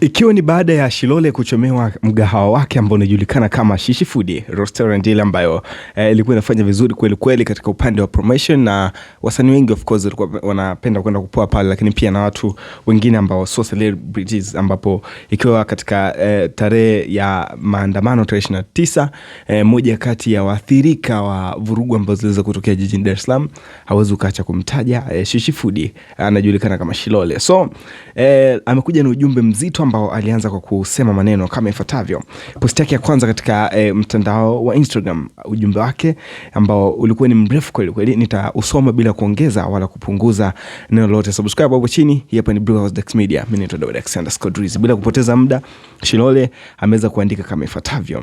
Ikiwa ni baada ya Shilole kuchomewa mgahawa wake ambao unajulikana kama Shishi Food Restaurant, ile ambayo eh, ilikuwa eh, inafanya vizuri kweli kweli katika upande wa promotion, na wasanii wengi of course walikuwa wanapenda kwenda kupoa pale, lakini pia na watu wengine ambao sio celebrities, ambapo ikiwa katika eh, tarehe ya maandamano tarehe 29, eh, moja kati ya waathirika wa vurugu ambazo ziliweza kutokea jijini Dar es Salaam, hawezi ukaacha kumtaja eh, Shishi Food anajulikana kama Shilole. So eh, amekuja na ujumbe mzito ambao alianza kwa kusema maneno kama ifuatavyo. Posti yake ya kwanza katika e, mtandao wa Instagram, ujumbe wake ambao ulikuwa ni mrefu kweli kweli, nitausoma bila kuongeza wala kupunguza neno lolote. Subscribe hapo chini. Hapa ni Blue House Dax Media, mimi ni Dax Alexander Scodriz. Bila kupoteza muda, Shilole ameweza kuandika kama ifuatavyo: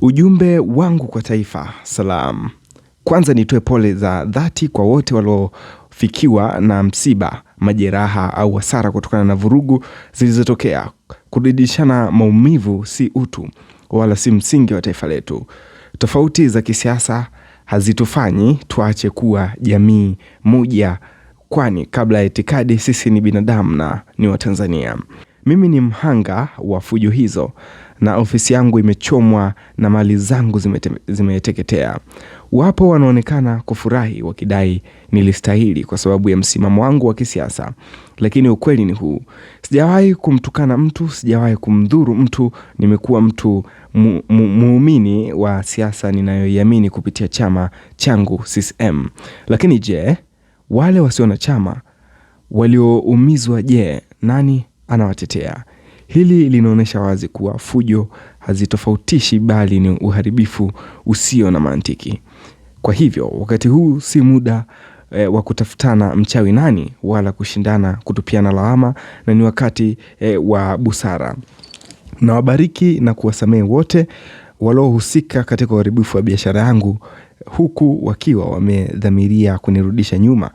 ujumbe wangu kwa taifa, salam. Kwanza nitoe pole za dhati kwa wote walio kufikiwa na msiba, majeraha au hasara kutokana na vurugu zilizotokea. Kudidishana maumivu si utu wala si msingi wa taifa letu. Tofauti za kisiasa hazitufanyi tuache kuwa jamii moja, kwani kabla ya itikadi sisi ni binadamu na ni Watanzania. Mimi ni mhanga wa fujo hizo, na ofisi yangu imechomwa na mali zangu zimeteketea. Wapo wanaonekana kufurahi wakidai nilistahili kwa sababu ya msimamo wangu wa kisiasa, lakini ukweli ni huu: sijawahi kumtukana mtu, sijawahi kumdhuru mtu. Nimekuwa mtu muumini mu, muumini wa siasa ninayoiamini kupitia chama changu CCM. Lakini je, wale wasio na chama walioumizwa, je, nani anawatetea? Hili linaonyesha wazi kuwa fujo hazitofautishi bali ni uharibifu usio na mantiki. Kwa hivyo wakati huu si muda e, wa kutafutana mchawi nani wala kushindana kutupiana lawama, na ni wakati e, wa busara. Na wabariki na kuwasamehe wote waliohusika katika uharibifu wa biashara yangu huku wakiwa wamedhamiria kunirudisha nyuma.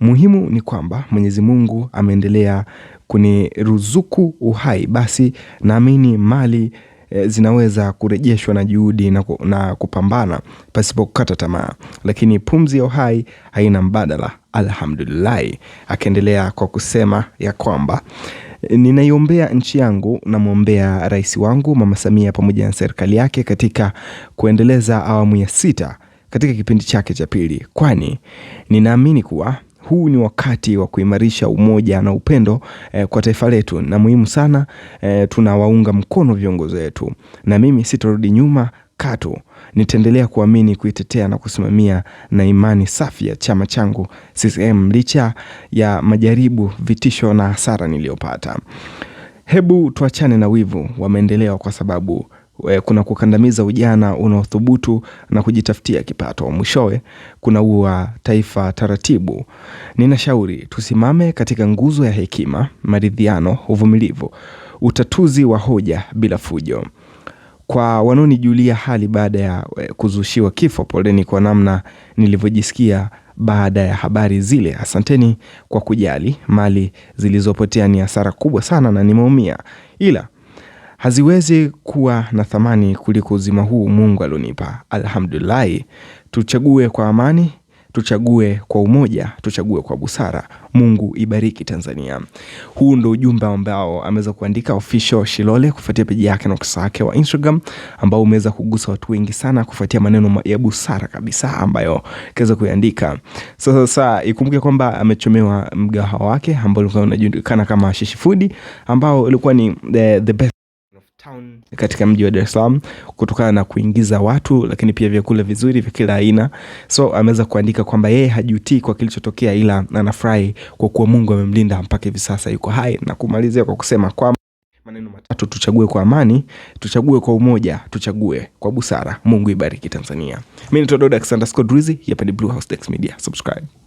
Muhimu ni kwamba Mwenyezi Mungu ameendelea kuniruzuku uhai, basi naamini mali e, zinaweza kurejeshwa na juhudi na, na kupambana pasipo kukata tamaa, lakini pumzi ya uhai haina mbadala. Alhamdulillahi. Akaendelea kwa kusema ya kwamba eh, ninaiombea nchi yangu, namwombea rais wangu Mama Samia pamoja na serikali yake katika kuendeleza awamu ya sita katika kipindi chake cha pili, kwani ninaamini kuwa huu ni wakati wa kuimarisha umoja na upendo eh, kwa taifa letu, na muhimu sana eh, tunawaunga mkono viongozi wetu, na mimi sitarudi nyuma katu. Nitaendelea kuamini, kuitetea na kusimamia na imani safi ya chama changu CCM licha ya majaribu, vitisho na hasara niliyopata. Hebu tuachane na wivu wa maendeleo kwa sababu Eh, kuna kukandamiza ujana unaothubutu na kujitafutia kipato, mwishowe kuna ua taifa taratibu. Ninashauri tusimame katika nguzo ya hekima, maridhiano, uvumilivu, utatuzi wa hoja bila fujo. Kwa wanaonijulia hali baada ya eh, kuzushiwa kifo, poleni kwa namna nilivyojisikia baada ya habari zile. Asanteni kwa kujali. Mali zilizopotea ni hasara kubwa sana na nimeumia, ila haziwezi kuwa na thamani kuliko uzima huu Mungu alionipa. Alhamdulillahi, tuchague kwa amani, tuchague kwa umoja, tuchague kwa busara. Mungu ibariki Tanzania. Huu ndo ujumbe ambao ameweza kuandika official Shilole kufuatia peji yake na ukurasa wake wa Instagram ambao umeweza kugusa watu wengi sana kufuatia maneno ya busara kabisa ambayo kaweza kuandika. Sasa sasa ikumbuke kwamba amechomewa mgahawa wake ambao ulikuwa unajulikana kama Shishi Food ambao ulikuwa ni the, eh, the best town katika mji wa Dar es Salaam kutokana na kuingiza watu, lakini pia vyakula vizuri vya kila aina. So ameweza kuandika kwamba yeye hajutii kwa kilichotokea, ila anafurahi kwa kuwa Mungu amemlinda mpaka hivi sasa yuko hai, na kumalizia kwa kusema kwamba maneno matatu: tuchague kwa amani, tuchague kwa umoja, tuchague kwa busara. Mungu ibariki Tanzania. Mimi ni Tododa Drizzy, hapa ni Blue House Dax Media. Subscribe.